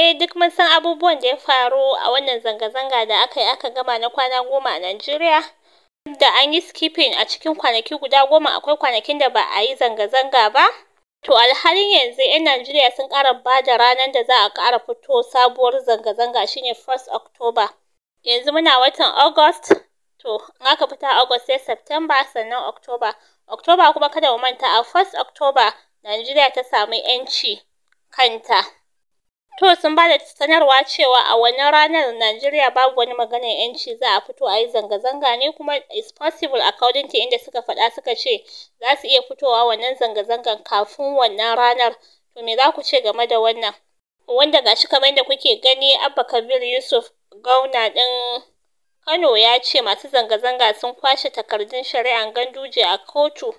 eh duk mun san abubuwan da ya faru a wannan zanga-zanga da aka yi aka gama na kwana goma a Najeriya da an yi skipping a cikin kwanaki guda goma akwai kwanakin da ba a yi zanga-zanga ba to alhalin yanzu 'yan Najeriya sun ƙara ba da ranar da za a ƙara fito sabuwar zanga-zanga shine 1st October yanzu muna watan August to in aka fita August sai September sannan October October kuma kada mu manta a 1st October Najeriya ta samu 'yanci kanta To sun ba da sanarwa cewa a wannan ranar Najeriya babu wani maganar ‘yanci, za a fito a yi zanga-zanga ne kuma “it's possible” a Cowniewood inda suka faɗa suka ce za su iya fitowa wannan zanga-zangar kafin wannan ranar. To me za ku ce game da wannan? Wanda ga shi kamar yadda kuke gani Abba Kabir Yusuf Gawuna ɗin Kano ya ce masu zanga-zanga sun kwashe takardun shari'ar Ganduje a kotu.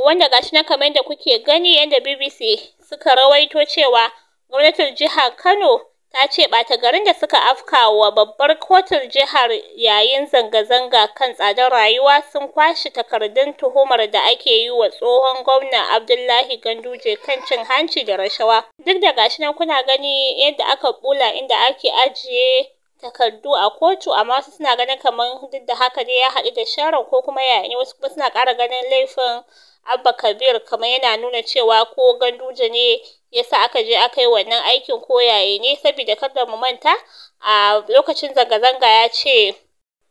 Wanda ga shi kamar yadda kuke gani yadda BBC suka rawaito cewa Gwamnatin Jihar Kano ta ce bata garin da suka afka wa babbar kotun jihar yayin zanga-zanga kan tsadar rayuwa sun kwashe takardun tuhumar da ake yi wa tsohon gwamna Abdullahi Ganduje kan cin hanci da rashawa. Duk da gashi nan kuna gani yadda aka bula inda ake ajiye takardu a kotu amma wasu suna ganin kamar duk da haka ne ya haɗu da sharar ko kuma yaya ne wasu kuma suna ƙara ganin laifin Abba Kabir kamar yana nuna cewa ko Ganduje ne yasa aka je aka yi wannan aikin koyaye ne saboda kada mu manta a lokacin zanga-zanga ya ce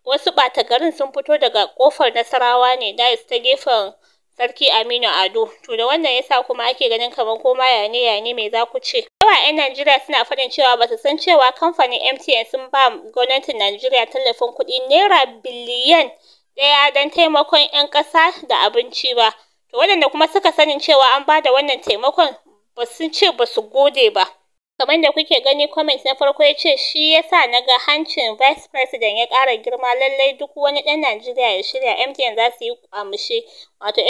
wasu bata garin sun fito daga kofar nasarawa ne dais ta gefen sarki aminu ado to da wannan yasa kuma ake ganin kamar koma yane yane me za ku ce yawa 'yan najeriya suna faɗin cewa ba su san cewa kamfanin mtn sun ba gwamnatin najeriya tallafin kuɗi naira biliyan ɗaya don taimakon 'yan ƙasa da abinci ba to waɗanda kuma suka sanin cewa an ba da wannan taimakon ba sun ce ba su gode ba kamar da kuke gani comment na farko ya ce shi yasa na ga hancin vice president ya kara girma lallai duk wani ɗan Najeriya ya shirya MTN za su yi kwamushe wato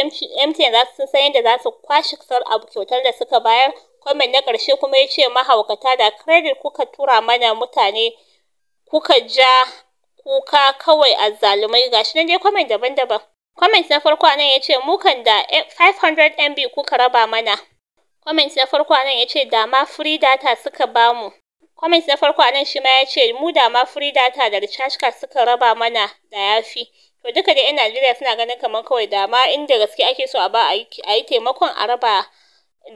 MTN za su san yadda za su kwashe kusur abu kyautar da suka bayar comment na karshe kuma ya ce mahaukata da credit kuka tura mana mutane kuka ja kuka kawai a zalumai. gashi nan dai comment daban-daban comment na farko nan ya ce mukan da 500 MB kuka raba mana Comment na farko anan yace da ma free data suka bamu. Comment na farko anan shi ma yace mu da ma free data da recharge card suka raba mana da yafi. To duka da 'yan Najeriya suna ganin kamar kawai da ma inda gaske ake so a ba a yi taimakon a raba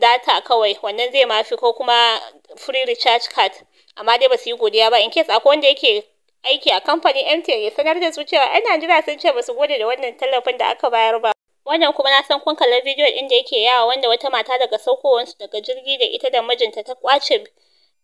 data kawai wannan zai ma fi ko kuma free recharge card amma dai ba su yi godiya ba in case akwai wanda yake aiki a kamfanin MTN ya sanar da su cewa 'yan Najeriya sun ce ba su gode da wannan tallafin da aka bayar ba. Wannan kuma na san kun kalli bidiyo ɗin da yake yawa wanda wata mata daga saukowarsu daga jirgi da ita da mijinta ta kwace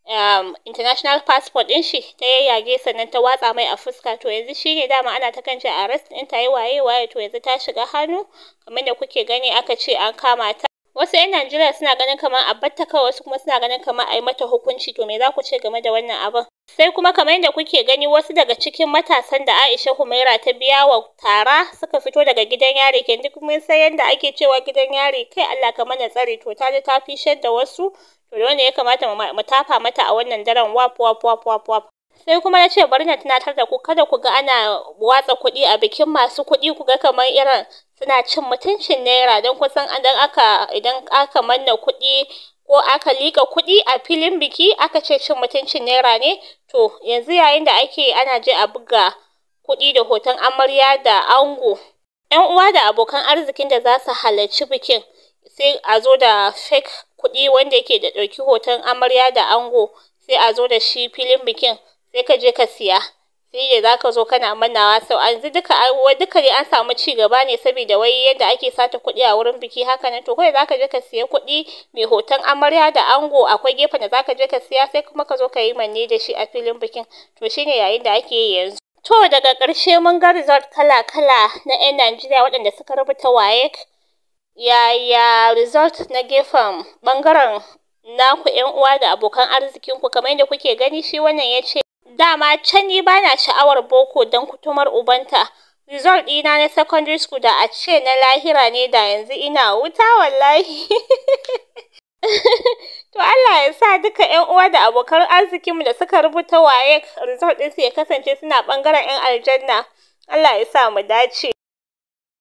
um, international passport ɗin shi ta yayyage sannan ta watsa mai a fuska to yanzu shi ne dama ana ta kan arrest ɗin ta yi waye waye to yanzu ta shiga hannu kamar da kuke gani aka ce an kama ta. Wasu 'yan Najeriya suna ganin kamar a batta kawai wasu kuma suna ganin kamar a yi mata hukunci to me za ku ce game da wannan abin? Sai kuma kamar yadda kuke gani wasu daga cikin matasan da Aisha Humaira ta biya wa tara suka fito daga gidan yari ke duk mun san yadda ake cewa gidan yari kai Allah ka mana tsare to ta ji ta fishar da wasu to da wanda ya kamata mu tafa mata a wannan daren wap wap wap wap wap. sai kuma na ce bari na tunatar da ku kada ku ga ana watsa kuɗi a bikin masu kuɗi ku ga kamar irin suna cin mutuncin naira don kusan idan aka idan aka manna kuɗi ko aka liƙa kuɗi a filin biki aka ce cin mutuncin naira ne to yanzu yayin da ake ana je a buga kuɗi da hoton amarya da ango yan uwa da abokan arzikin da za su halarci bikin sai a zo da fake kuɗi wanda yake da ɗauki hoton amarya da ango sai a zo da shi filin bikin sai ka je ka siya shine zaka zo kana mannawa sau an zu duka duka dai an samu ci gaba ne saboda wai yadda ake sata kuɗi a wurin biki haka nan to kai zaka je ka siya kuɗi mai hoton amarya da ango akwai gefen da zaka je ka siya sai kuma ka zo ka yi manne da shi a filin bikin to shine yayin da ake yi yanzu to daga ƙarshe mun ga result kala kala na 'yan Najeriya waɗanda suka rubuta WAEC yaya result na gefen ɓangaren naku 'yan uwa da abokan arzikin ku kamar yadda kuke gani shi wannan ya ce Dama can ni bana sha'awar boko don kutumar ubanta, result dina na secondary school da a ce na lahira ne da yanzu ina wuta wallahi. To Allah ya sa duka 'yan uwa da abokan arzikinmu da suka rubuta waye. result ɗinsu ya kasance suna bangaren 'yan aljanna. Allah ya sa mu dace.